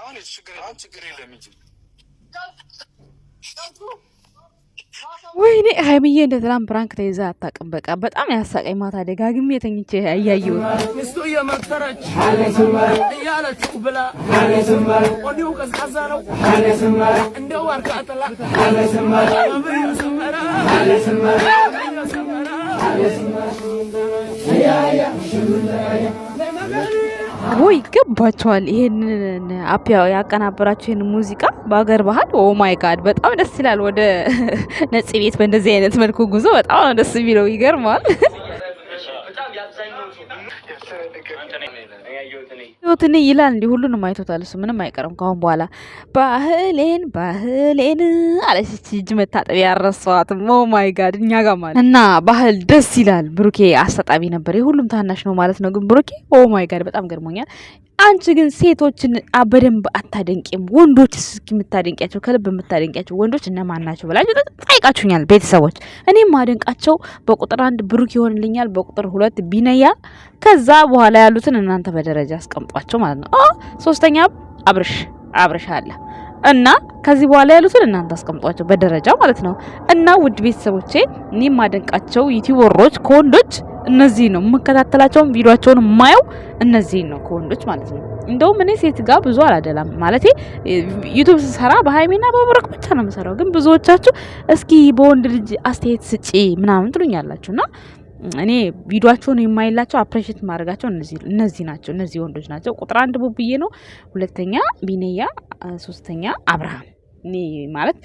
አሁን ችግር አሁን ችግር የለም እንጂ ወይኔ ሀይምዬ እንደ ትላንት ፕራንክ ተይዛ አታውቅም። በቃ በጣም ያሳቀኝ ማታ ደጋግሜ ተኝቼ እያየሁ ሚስቱ እየመከረች እያለችው ብላ ወዲሁ ቀዝቃዛ ነው እንደው አርካጥላ ወይ ይገባቸዋል። ይሄንን አፕ ያቀናበራቸው ይሄን ሙዚቃ በአገር ባህል ኦ ማይ ጋድ በጣም ደስ ይላል። ወደ ነጽ ቤት በእንደዚህ አይነት መልኩ ጉዞ በጣም ነው ደስ የሚለው። ይገርማል። ህይወትን ይላል እንዲህ ሁሉንም አይቶታል። እሱ ምንም አይቀርም ከአሁን በኋላ ባህሌን ባህሌን አለች። እጅ መታጠቢያ ያረሰዋት ኦ ማይ ጋድ እኛ ጋር ማለት እና ባህል ደስ ይላል። ብሩኬ አስታጣቢ ነበር። የሁሉም ታናሽ ነው ማለት ነው። ግን ብሩኬ ኦ ማይ ጋድ በጣም ገርሞኛል። አንቺ ግን ሴቶችን በደንብ አታደንቂም። ወንዶች እስኪ የምታደንቂያቸው ከልብ የምታደንቂያቸው ወንዶች እነማን ናቸው ብላችሁ ጠይቃችሁኛል ቤተሰቦች። እኔም ማደንቃቸው በቁጥር አንድ ብሩክ ይሆንልኛል፣ በቁጥር ሁለት ቢነያ፣ ከዛ በኋላ ያሉትን እናንተ በደረጃ አስቀምጧቸው ማለት ነው። ሶስተኛ አብርሽ አብርሽ አለ እና ከዚህ በኋላ ያሉትን እናንተ አስቀምጧቸው በደረጃ ማለት ነው። እና ውድ ቤተሰቦቼ እኔም ማደንቃቸው ዩቲዩበሮች ከወንዶች እነዚህ ነው የምከታተላቸውን ቪዲዮቸውን የማየው እነዚህን ነው ከወንዶች ማለት ነው። እንደውም እኔ ሴት ጋር ብዙ አላደላም ማለት ዩቱብ ስሰራ በሀይሜና በብሩክ ብቻ ነው የምሰራው። ግን ብዙዎቻችሁ እስኪ በወንድ ልጅ አስተያየት ስጪ ምናምን ትሉኛላችሁ እና እኔ ቪዲዮቸውን የማይላቸው አፕሬሽት ማድረጋቸው እነዚህ ናቸው። እነዚህ ወንዶች ናቸው። ቁጥር አንድ ቡብዬ ነው፣ ሁለተኛ ቢኔያ ሶስተኛ አብርሃም እኔ ማለት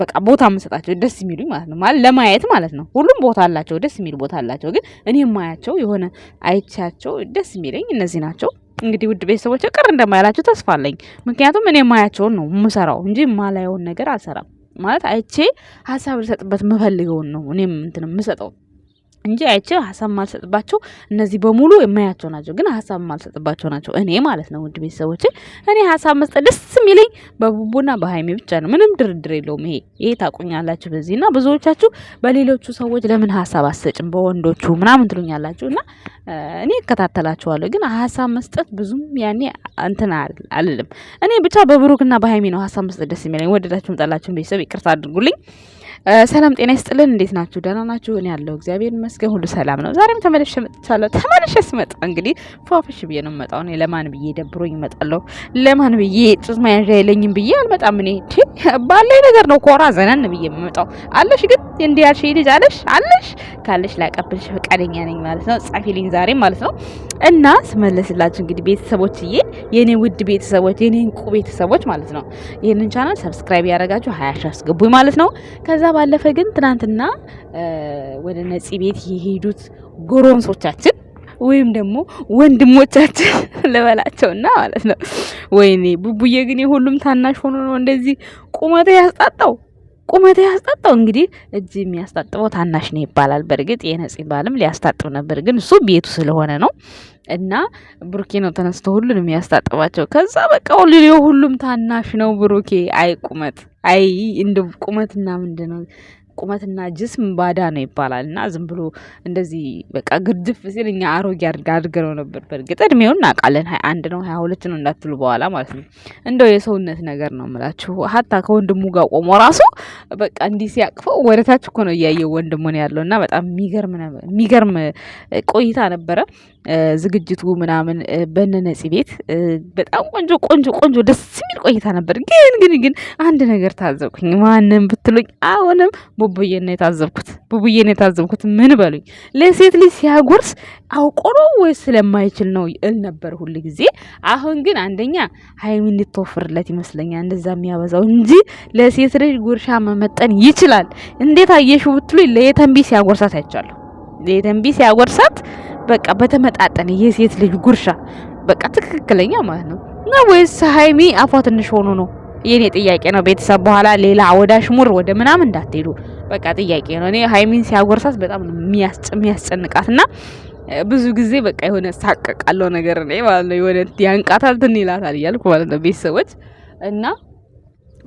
በቃ ቦታ የምሰጣቸው ደስ የሚሉ ማለት ነው። ማለት ለማየት ማለት ነው። ሁሉም ቦታ አላቸው፣ ደስ የሚል ቦታ አላቸው። ግን እኔ የማያቸው የሆነ አይቻቸው ደስ የሚለኝ እነዚህ ናቸው። እንግዲህ ውድ ቤተሰቦች ቅር እንደማይላቸው ተስፋ አለኝ። ምክንያቱም እኔ የማያቸውን ነው የምሰራው እንጂ የማላየውን ነገር አልሰራም። ማለት አይቼ ሀሳብ ልሰጥበት የምፈልገውን ነው እኔም እንትን የምሰጠው እንጂ አይቼ ሀሳብ ማልሰጥባቸው እነዚህ በሙሉ የማያቸው ናቸው፣ ግን ሀሳብ ማልሰጥባቸው ናቸው። እኔ ማለት ነው ውድ ቤተሰቦቼ፣ እኔ ሀሳብ መስጠት ደስ የሚለኝ በቡቡና በሀይሚ ብቻ ነው። ምንም ድርድር የለውም። ይሄ ይሄ ታቁኛላችሁ። በዚህ እና ብዙዎቻችሁ በሌሎቹ ሰዎች ለምን ሀሳብ አሰጭም በወንዶቹ ምናምን ትሉኛላችሁ እና እኔ እከታተላችኋለሁ፣ ግን ሀሳብ መስጠት ብዙም ያኔ እንትን አልልም። እኔ ብቻ በብሩክና በሀይሜ ነው ሀሳብ መስጠት ደስ የሚለኝ። ወደዳችሁም ጠላችሁም ቤተሰብ ይቅርታ አድርጉልኝ። ሰላም ጤና ይስጥልን። እንዴት ናችሁ? ደህና ናችሁ? እኔ ያለው እግዚአብሔር ይመስገን ሁሉ ሰላም ነው። ዛሬም ተመልሼ መጥቻለሁ። ተመልሼ ስመጣ እንግዲህ ፏፍሽ ብዬ ነው የምመጣው። እኔ ለማን ብዬ ደብሮኝ እመጣለሁ? ለማን ብዬ ጡት መያዣ የለኝም ብዬ አልመጣም። እኔ ባለኝ ነገር ነው ኮራ ዘነን ብዬ የምመጣው። አለሽ ግን እንዲህ ያልሽኝ ልጅ አለሽ አለሽ ካለሽ ላቀብልሽ ፈቃደኛ ነኝ ማለት ነው። ጻፊልኝ ዛሬ ማለት ነው እና ስመለስላችሁ እንግዲህ ቤተሰቦችዬ፣ የኔ ውድ ቤተሰቦች፣ የኔ እንቁ ቤተሰቦች ማለት ነው። ይህንን ቻናል ሰብስክራይብ ያደረጋችሁ ሀያ አስገቡኝ ማለት ነው ከዛ ባለፈ ግን ትናንትና ወደ ነፂ ቤት የሄዱት ጎረምሶቻችን ወይም ደግሞ ወንድሞቻችን ልበላቸውና ማለት ነው። ወይኔ ቡቡዬ ግን የሁሉም ታናሽ ሆኖ ነው እንደዚህ ቁመት ያስጣጣው። ቁመት ያስጣጣው እንግዲህ እጅ የሚያስጣጥበው ታናሽ ነው ይባላል። በእርግጥ የነጽ ባልም ሊያስታጥብ ነበር፣ ግን እሱ ቤቱ ስለሆነ ነው እና ብሩኬ ነው ተነስቶ ሁሉን ያስታጥባቸው። ከዛ በቃ ሁሉም ታናሽ ነው ብሩኬ። አይ ቁመት፣ አይ እንደ ቁመትና ምንድነው ቁመትና ጅስም ባዳ ነው ይባላል እና ዝም ብሎ እንደዚህ በቃ ግድፍ ሲል እኛ አሮጌ አድርገነው ነበር። በእርግጥ እድሜውን እናውቃለን፣ ሀያ አንድ ነው ሀያ ሁለት ነው እንዳትሉ በኋላ ማለት ነው። እንደው የሰውነት ነገር ነው ምላችሁ። ሀታ ከወንድሙ ጋር ቆሞ ራሱ በቃ እንዲህ ሲያቅፈው ወደታች እኮ ነው እያየው ነው ያለው እና በጣም የሚገርም ቆይታ ነበረ ዝግጅቱ ምናምን በነነጺ ቤት በጣም ቆንጆ ቆንጆ ቆንጆ ደስ የሚል ቆይታ ነበር። ግን ግን ግን አንድ ነገር ታዘብኩኝ። ማንም ብትሉኝ አሁንም ቡቡዬን የታዘብኩት ቡቡዬን የታዘብኩት ምን በሉኝ። ለሴት ልጅ ሲያጎርስ አውቆ ነው ስለማይችል ነው እል ነበር ሁል ጊዜ። አሁን ግን አንደኛ ሀይሚ እንድትወፍርለት ይመስለኛል እንደዛ የሚያበዛው እንጂ ለሴት ልጅ ጉርሻ መመጠን ይችላል። እንዴት አየሽው ብትሉ ለየተንቢ ሲያጎርሳት አይቻለሁ። ለየተንቢ ሲያጎርሳት በቃ በተመጣጠነ የሴት ልጅ ጉርሻ በቃ ትክክለኛ ማለት ነው እና ወይስ ሀይሚ አፏ ትንሽ ሆኖ ነው? የኔ ጥያቄ ነው ቤተሰብ። በኋላ ሌላ ወደ አሽሙር ወደ ምናምን እንዳትሄዱ። በቃ ጥያቄ ነው። እኔ ሀይሚን ሲያጎርሳት በጣም የሚያስጨንቃት እና ብዙ ጊዜ በቃ የሆነ ሳቀቃለው ነገር እኔ ማለት ነው የሆነ ያንቃታል ትን ይላታል እያልኩ ማለት ነው ቤተሰቦች እና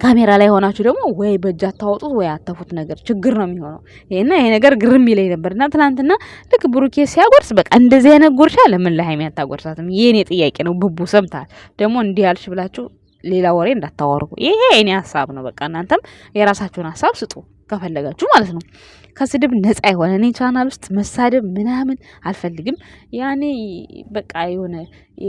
ካሜራ ላይ ሆናችሁ ደግሞ ወይ በእጅ አታወጡት ወይ አተፉት ነገር ችግር ነው የሚሆነው። ይሄና ይሄ ነገር ግርም ይለኝ ነበር እና ትናንትና ልክ ብሩኬ ሲያጎርስ በቃ እንደዚህ አይነት ጎርሻ ለምን ለሀይሚ አታጎርሳትም? የእኔ ጥያቄ ነው። ብቡ ሰምታል ደግሞ እንዲህ ያልሽ ብላችሁ ሌላ ወሬ እንዳታወርጉ። ይሄ የኔ ሀሳብ ነው። በቃ እናንተም የራሳችሁን ሀሳብ ስጡ። ከፈለጋችሁ ማለት ነው። ከስድብ ነፃ የሆነ እኔ ቻናል ውስጥ መሳደብ ምናምን አልፈልግም። ያኔ በቃ የሆነ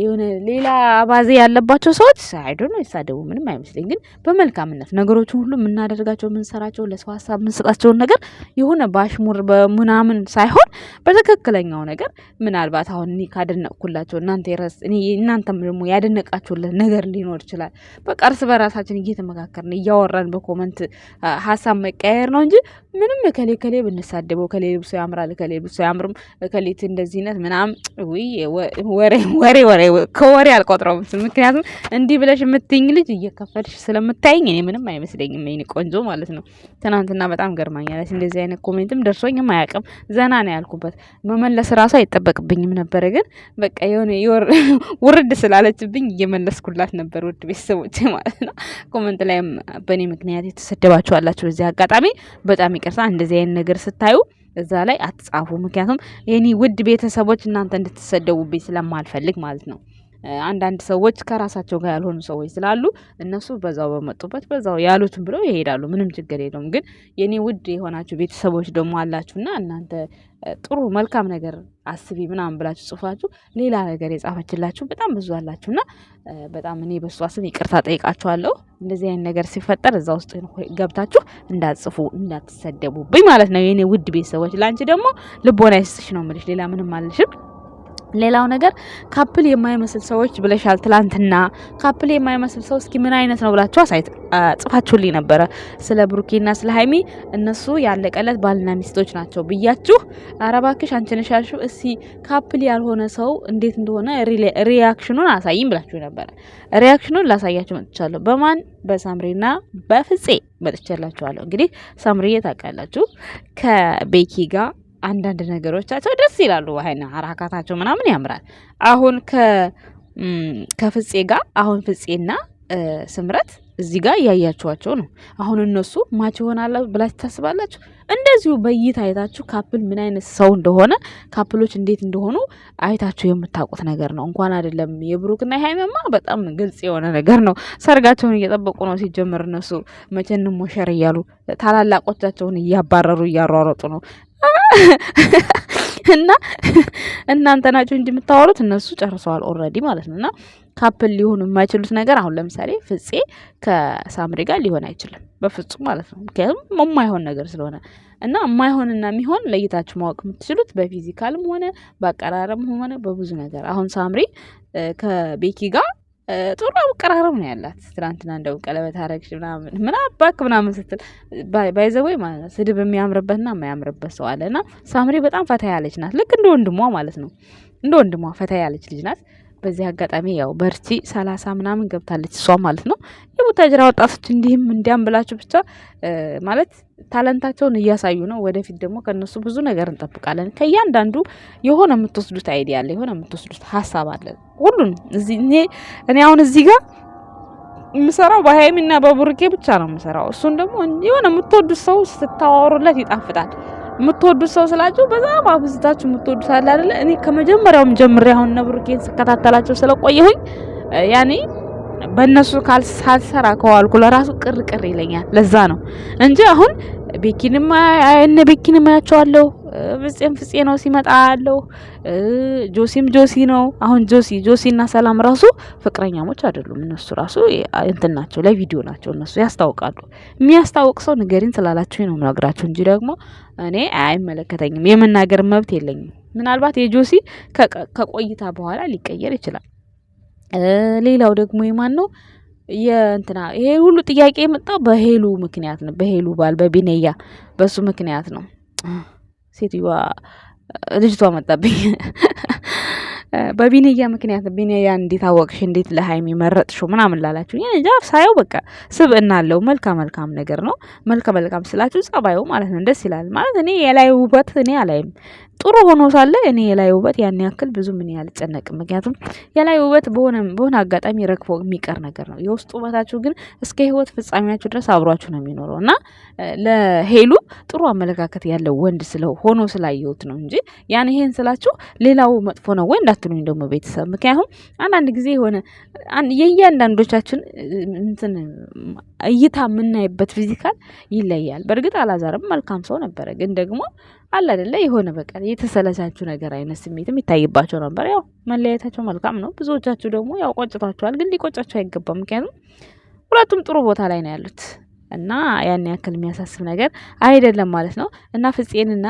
የሆነ ሌላ አባዜ ያለባቸው ሰዎች አይዶ ነው የሳደቡ ምንም አይመስለኝ። ግን በመልካምነት ነገሮችን ሁሉ የምናደርጋቸው የምንሰራቸው፣ ለሰው ሀሳብ የምንሰጣቸውን ነገር የሆነ በአሽሙር በምናምን ሳይሆን በትክክለኛው ነገር ምናልባት አሁን እኔ ካደነቅኩላቸው እናንተ ረስ እናንተም ደግሞ ያደነቃችሁለት ነገር ሊኖር ይችላል። በቃ እርስ በራሳችን እየተመካከርን እያወራን በኮመንት ሀሳብ መቀየር ነው እንጂ ምንም እከሌ እከሌ ብንሳደበው ከሌ ልብሶ ያምራል ከሌ ልብሶ ያምርም እከሌት እንደዚህነት ምናምን ወሬ ወሬ ወሬ ከወሬ አልቆጥረውም። ምክንያቱም እንዲህ ብለሽ የምትይኝ ልጅ እየከፈልሽ ስለምታይኝ እኔ ምንም አይመስለኝም። ይህን ቆንጆ ማለት ነው። ትናንትና በጣም ገርማኛለች። እንደዚህ አይነት ኮሜንትም ደርሶኝም አያውቅም። ዘና ነው ያልኩበት። መመለስ ራሱ አይጠበቅብኝም ነበረ፣ ግን በቃ የሆነ ውርድ ስላለችብኝ እየመለስኩላት ነበር። ውድ ቤተሰቦች ማለት ነው። ኮመንት ላይም በእኔ ምክንያት የተሰደባችኋላችሁ በዚህ አጋጣሚ በጣም ይቅርታ እንደዚህ አይነት ነገር ስታዩ እዛ ላይ አትጻፉ። ምክንያቱም የኔ ውድ ቤተሰቦች እናንተ እንድትሰደቡብኝ ስለማልፈልግ ማለት ነው። አንዳንድ ሰዎች ከራሳቸው ጋር ያልሆኑ ሰዎች ስላሉ እነሱ በዛው በመጡበት በዛው ያሉትን ብለው ይሄዳሉ። ምንም ችግር የለውም። ግን የኔ ውድ የሆናችሁ ቤተሰቦች ደግሞ አላችሁና እናንተ ጥሩ መልካም ነገር አስቢ ምናምን ብላችሁ ጽፋችሁ ሌላ ነገር የጻፈችላችሁ በጣም ብዙ አላችሁና በጣም እኔ በሷ ስም ይቅርታ ጠይቃችኋለሁ። እንደዚህ አይነት ነገር ሲፈጠር እዛ ውስጥ ገብታችሁ እንዳትጽፉ እንዳትሰደቡብኝ ማለት ነው የኔ ውድ ቤተሰቦች። ለአንቺ ደግሞ ልቦና ይስጥሽ ነው የምልሽ፣ ሌላ ምንም አልልሽም። ሌላው ነገር ካፕል የማይመስል ሰዎች ብለሻል ትላንትና። ካፕል የማይመስል ሰው እስኪ ምን አይነት ነው ብላችሁ አሳይት ጽፋችሁልኝ ነበረ ስለ ብሩኬና ስለ ሀይሚ እነሱ ያለቀለት ባልና ሚስቶች ናቸው ብያችሁ። አረባክሽ አንቺ ነሽ እስኪ ካፕል ያልሆነ ሰው እንዴት እንደሆነ ሪያክሽኑን አሳይም ብላችሁ ነበረ። ሪያክሽኑን ላሳያችሁ መጥቻለሁ። በማን በሳምሪና በፍፄ መጥቻላችኋለሁ። እንግዲህ ሳምሪዬ ታውቃላችሁ ከቤኪ ጋር አንዳንድ ነገሮቻቸው ደስ ይላሉ። ሀይና አራካታቸው ምናምን ያምራል። አሁን ከፍፄ ጋር አሁን ፍፄና ስምረት እዚህ ጋር እያያችኋቸው ነው። አሁን እነሱ ማች ይሆናል ብላችሁ ታስባላችሁ? እንደዚሁ በእይታ አይታችሁ ካፕል ምን አይነት ሰው እንደሆነ ካፕሎች እንዴት እንደሆኑ አይታችሁ የምታውቁት ነገር ነው። እንኳን አይደለም የብሩክና የሀይመማ በጣም ግልጽ የሆነ ነገር ነው። ሰርጋቸውን እየጠበቁ ነው። ሲጀምር እነሱ መቼ ሞሸር እያሉ ታላላቆቻቸውን እያባረሩ እያሯሯጡ ነው። እና እናንተ ናችሁ እንጂ የምታወሩት እነሱ ጨርሰዋል ኦልሬዲ ማለት ነው። እና ካፕል ሊሆኑ የማይችሉት ነገር አሁን ለምሳሌ ፍፄ ከሳምሪ ጋር ሊሆን አይችልም በፍጹም ማለት ነው። ምክንያቱም የማይሆን ነገር ስለሆነ እና የማይሆንና የሚሆን ለይታችሁ ማወቅ የምትችሉት በፊዚካልም ሆነ በአቀራረብም ሆነ በብዙ ነገር አሁን ሳምሪ ከቤኪ ጋር ጥሩ አቀራረብ ነው ያላት። ትናንትና እንደው ቀለበት አረግሽ ምናምን ምን አባክ ምናምን ስትል ባይዘወይ ማለት ነው። ስድብ የሚያምርበትና የማያምርበት ሰው አለ እና ሳምሪ በጣም ፈታ ያለች ናት። ልክ እንደ ወንድሟ ማለት ነው። እንደ ወንድሟ ፈታ ያለች ልጅ ናት። በዚህ አጋጣሚ ያው በርቺ ሰላሳ ምናምን ገብታለች እሷ ማለት ነው። የቡታጅራ ወጣቶች እንዲህም እንዲያም ብላችሁ ብቻ ማለት ታለንታቸውን እያሳዩ ነው። ወደፊት ደግሞ ከነሱ ብዙ ነገር እንጠብቃለን። ከእያንዳንዱ የሆነ የምትወስዱት አይዲያ አለ፣ የሆነ የምትወስዱት ሀሳብ አለ። ሁሉን እኔ አሁን እዚህ ጋር የምሰራው በሀይሚና በቡርኬ ብቻ ነው የምሰራው። እሱን ደግሞ የሆነ የምትወዱት ሰው ስታዋሩለት ይጣፍጣል። የምትወዱት ሰው ስላችሁ በዛም አብዝታችሁ የምትወዱት አለ አይደለ? እኔ ከመጀመሪያውም ጀምሬ አሁን ነብሩኬን ስከታተላቸው ስለቆየሁኝ ያኔ በእነሱ ካልሳልሰራ ከዋልኩ ለራሱ ቅር ቅር ይለኛል። ለዛ ነው እንጂ አሁን ቤኪንም እነ ቤኪንም ያቸዋለሁ ፍፄም ፍፄ ነው ሲመጣ ያለው ጆሲም ጆሲ ነው። አሁን ጆሲ ጆሲ እና ሰላም ራሱ ፍቅረኛሞች አይደሉም። እነሱ ራሱ እንትን ናቸው፣ ለቪዲዮ ናቸው። እነሱ ያስታውቃሉ። የሚያስታውቅ ሰው ንገሪን ስላላችሁኝ ነው የምነግራችሁ እንጂ ደግሞ እኔ አይመለከተኝም። የመናገር መብት የለኝም። ምናልባት የጆሲ ከቆይታ በኋላ ሊቀየር ይችላል። ሌላው ደግሞ የማን ነው የእንትና ይሄ ሁሉ ጥያቄ የመጣው በሄሉ ምክንያት ነው። በሄሉ ባል በቢነያ በሱ ምክንያት ነው። ሴትዮዋ ልጅቷ መጣብኝ። በቢንያ ምክንያት ቢንያ እንዴት አወቅሽ? እንዴት ለሀይሚ መረጥሽው? ምናምን ላላችሁ እንጃ ሳየው በቃ ስብዕና አለው። መልካ መልካም ነገር ነው። መልካ መልካም ስላችሁ ጸባዩ ማለት ነው። ደስ ይላል ማለት እኔ የላይ ውበት እኔ አላይም ጥሩ ሆኖ ሳለ እኔ የላይ ውበት ያን ያክል ብዙ ምን አልጨነቅም። ምክንያቱም የላይ ውበት በሆነ በሆነ አጋጣሚ ረግፎ የሚቀር ነገር ነው። የውስጥ ውበታችሁ ግን እስከ ህይወት ፍጻሜያችሁ ድረስ አብሯችሁ ነው የሚኖረው እና ለሄሉ ጥሩ አመለካከት ያለው ወንድ ስለ ሆኖ ስላየሁት ነው እንጂ ያን ይሄን ስላችሁ ሌላው መጥፎ ነው ወይ እንዳትሉኝ ደግሞ ቤተሰብ። ምክንያቱም አንዳንድ ጊዜ የሆነ የእያንዳንዶቻችን እንትን እይታ የምናይበት ፊዚካል ይለያል። በእርግጥ አላዛርም መልካም ሰው ነበረ ግን ደግሞ አለ አይደለ የሆነ በቃ የተሰለቻችሁ ነገር አይነት ስሜትም ይታይባቸው ነበር። ያው መለያየታቸው መልካም ነው። ብዙዎቻችሁ ደግሞ ያው ቆጭቷችኋል፣ ግን ሊቆጫቸው አይገባም። ምክንያቱም ሁለቱም ጥሩ ቦታ ላይ ነው ያሉት እና ያን ያክል የሚያሳስብ ነገር አይደለም ማለት ነው። እና ፍጼንና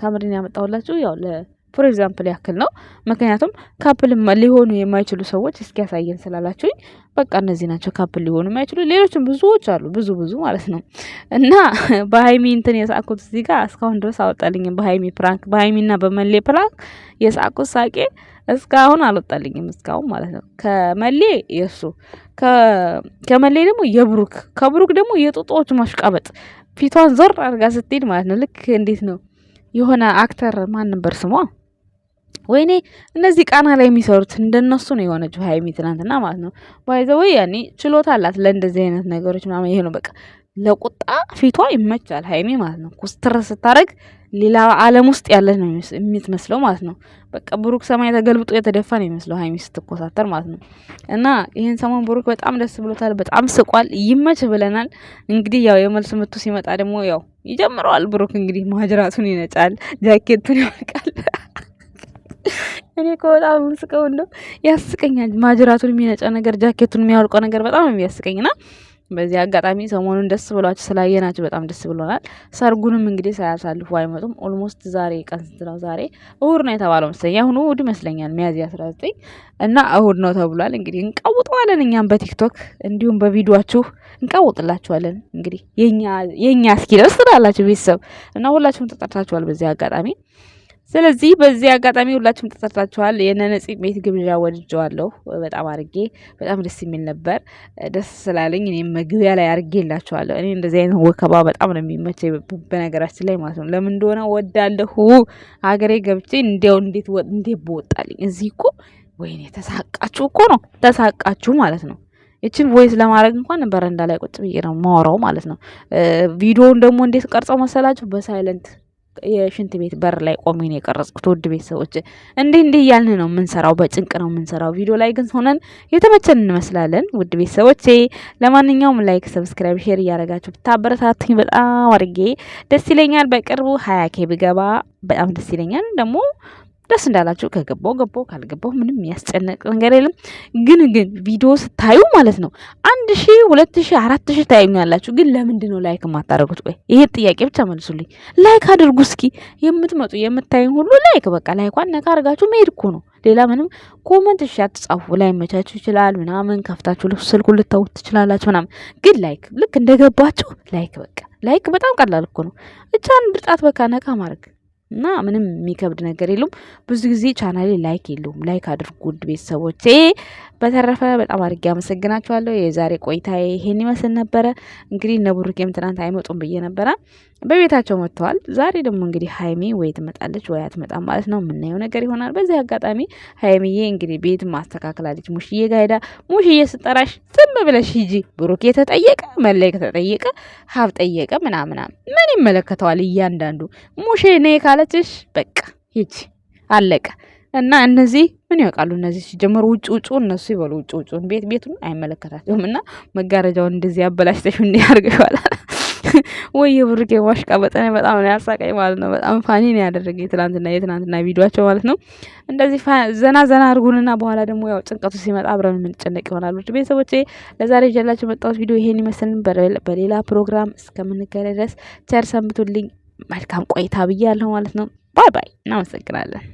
ሳምሪን ያመጣሁላችሁ ያው ፎር ኤግዛምፕል ያክል ነው። ምክንያቱም ካፕል ሊሆኑ የማይችሉ ሰዎች ያሳየን ስላላችሁኝ በቃ እነዚህ ናቸው ካፕል ሊሆኑ የማይችሉ ሌሎችም ብዙዎች አሉ፣ ብዙ ብዙ ማለት ነው። እና በሀይሚ እንትን የሳቁት እዚህ ጋር እስካሁን ድረስ አወጣልኝም። በሀይሚ ፕራንክ፣ በሀይሚና በመሌ ፕራንክ የሳቁት ሳቄ እስካሁን አልወጣልኝም፣ እስካሁን ማለት ነው። ከመሌ የእሱ ከመሌ ደግሞ የብሩክ ከብሩክ ደግሞ የጡጦች ማሽቃበጥ ፊቷን ዞር አድርጋ ስትሄድ ማለት ነው። ልክ እንዴት ነው የሆነ አክተር ማን ነበር ስሟ? ወይኔ እነዚህ ቃና ላይ የሚሰሩት እንደነሱ ነው የሆነችው ሀይሚ ትናንትና ማለት ነው። ባይዘው ያኔ ችሎታ አላት ለእንደዚህ አይነት ነገሮች ምናምን። ይሄ ነው በቃ ለቁጣ ፊቷ ይመቻል ሀይሚ ማለት ነው። ኩስትር ስታደረግ ሌላ ዓለም ውስጥ ያለ ነው የምትመስለው ማለት ነው። በቃ ብሩክ ሰማይ ተገልብጦ የተደፋ ነው የሚመስለው ሀይሚ ስትኮሳተር ማለት ነው። እና ይህን ሰሞን ብሩክ በጣም ደስ ብሎታል፣ በጣም ስቋል። ይመች ብለናል። እንግዲህ ያው የመልስ ምቱ ሲመጣ ደግሞ ያው ይጀምረዋል ብሩክ እንግዲህ ማጅራቱን ይነጫል፣ ጃኬቱን ይወልቃል። እኔ እኮ በጣም የምስቀው ያስቀኛል። ማጅራቱን የሚነጫ ነገር፣ ጃኬቱን የሚያወልቀው ነገር በጣም የሚያስቀኝ ና በዚህ አጋጣሚ ሰሞኑን ደስ ብሏችሁ ስላየናችሁ በጣም ደስ ብሎናል። ሰርጉንም እንግዲህ ሳያሳልፉ አይመጡም። ኦልሞስት ዛሬ ቀን ስንት ነው? ዛሬ እሁድ ነው የተባለው መሰለኝ። አሁኑ እሁድ ይመስለኛል ሚያዝያ አስራ ዘጠኝ እና እሁድ ነው ተብሏል። እንግዲህ እንቃውጠዋለን እኛም በቲክቶክ እንዲሁም በቪዲዮችሁ እንቃውጥላችኋለን። እንግዲህ የእኛ እስኪ ደርስ ትላላችሁ ቤተሰብ እና ሁላችሁም ተጠርታችኋል በዚህ አጋጣሚ ስለዚህ በዚህ አጋጣሚ ሁላችሁም ተጠርታችኋል። የነነጽ ቤት ግብዣ ወድጀዋለሁ በጣም አርጌ በጣም ደስ የሚል ነበር። ደስ ስላለኝ እኔ መግቢያ ላይ ላችኋለሁ። እኔ እንደዚህ አይነት ወከባ በጣም ነው የሚመች በነገራችን ላይ ማለት ነው። ለምን እንደሆነ ወዳለሁ ሀገሬ ገብቼ እንዲያው እንዴት እንዴት በወጣልኝ። እዚህ እኮ ወይኔ ተሳቃችሁ እኮ ነው ተሳቃችሁ ማለት ነው። ይችን ቮይስ ለማድረግ እንኳን በረንዳ ላይ ቁጭ ብዬ ነው ማወራው ማለት ነው። ቪዲዮውን ደግሞ እንዴት ቀርጸው መሰላችሁ በሳይለንት የሽንት ቤት በር ላይ ቆሜን የቀረጽኩት። ውድ ቤተሰቦች እንዲህ እንዲህ እያልን ነው የምንሰራው፣ በጭንቅ ነው የምንሰራው። ቪዲዮ ላይ ግን ሆነን የተመቸን እንመስላለን። ውድ ቤተሰቦቼ ለማንኛውም ላይክ፣ ሰብስክራይብ፣ ሼር እያደረጋችሁ ብታበረታትኝ በጣም አድርጌ ደስ ይለኛል። በቅርቡ ሀያ ኬ ብገባ በጣም ደስ ይለኛል ደግሞ ደስ እንዳላችሁ ከገባው ገባው ካልገባው ምንም የሚያስጨነቅ ነገር የለም። ግን ግን ቪዲዮ ስታዩ ማለት ነው አንድ ሺ ሁለት ሺ አራት ሺ ታዩኛላችሁ። ግን ለምንድን ነው ላይክ የማታደርጉት? ወይ ይሄ ጥያቄ ብቻ መልሱልኝ። ላይክ አድርጉ እስኪ። የምትመጡ የምታዩኝ ሁሉ ላይክ በቃ ላይኳን ነካ አድርጋችሁ መሄድ እኮ ነው። ሌላ ምንም ኮመንት እሺ አትጻፉ። መቻችሁ ይችላል ምናምን ከፍታችሁ ስልኩ ልታውት ትችላላችሁ ምናምን። ግን ላይክ ልክ እንደገባችሁ ላይክ በቃ ላይክ በጣም ቀላል እኮ ነው። ብቻ አንድ ጣት በቃ ነካ ማድረግ እና ምንም የሚከብድ ነገር የለውም። ብዙ ጊዜ ቻናሌ ላይክ የለውም። ላይክ አድርጉ ውድ ቤተሰቦቼ። በተረፈ በጣም አድርጌ አመሰግናችኋለሁ። የዛሬ ቆይታ ይሄን ይመስል ነበረ። እንግዲህ እነ ብሩኬም ትናንት አይመጡም ብዬ ነበረ፣ በቤታቸው መጥተዋል። ዛሬ ደግሞ እንግዲህ ሀይሚ ወይ ትመጣለች ወይ አትመጣም ማለት ነው የምናየው ነገር ይሆናል። በዚህ አጋጣሚ ሀይሚዬ እንግዲህ ቤት ማስተካከላለች። ሙሽዬ ጋይዳ ሙሽዬ ስጠራሽ ዝም ብለሽ ሂጂ፣ ብሩኬ ተጠየቀ፣ መለክ ተጠየቀ፣ ሀብ ጠየቀ ምናምና ምን ይመለከተዋል እያንዳንዱ ሙሽ ነይ ካለችሽ በቃ ሂጂ አለቀ። እና እነዚህ ምን ያውቃሉ? እነዚህ ሲጀምሩ ውጭ ውጭ እነሱ ይበሉ ውጭ ውጭን ቤት ቤቱን አይመለከታቸውም። እና መጋረጃውን እንደዚህ አበላሽተሽ እንዲህ አድርገሽ ይባላል ወይ የብሩኬ ዋሽቃ በጠነ በጣም ነው ያሳቀኝ ማለት ነው። በጣም ፋኒ ነው ያደረገ የትናንትና የትናንትና ቪዲዮቸው ማለት ነው። እንደዚህ ዘና ዘና አድርጉንና በኋላ ደግሞ ያው ጭንቀቱ ሲመጣ አብረን የምንጨነቅ ይሆናሉ። ቤተሰቦቼ ለዛሬ ይዤላችሁ የመጣሁት ቪዲዮ ይሄን ይመስልን። በሌላ ፕሮግራም እስከምንገናኝ ድረስ ቸር ሰንብቱልኝ። መልካም ቆይታ ብያለሁ ማለት ነው። ባይ ባይ። እናመሰግናለን።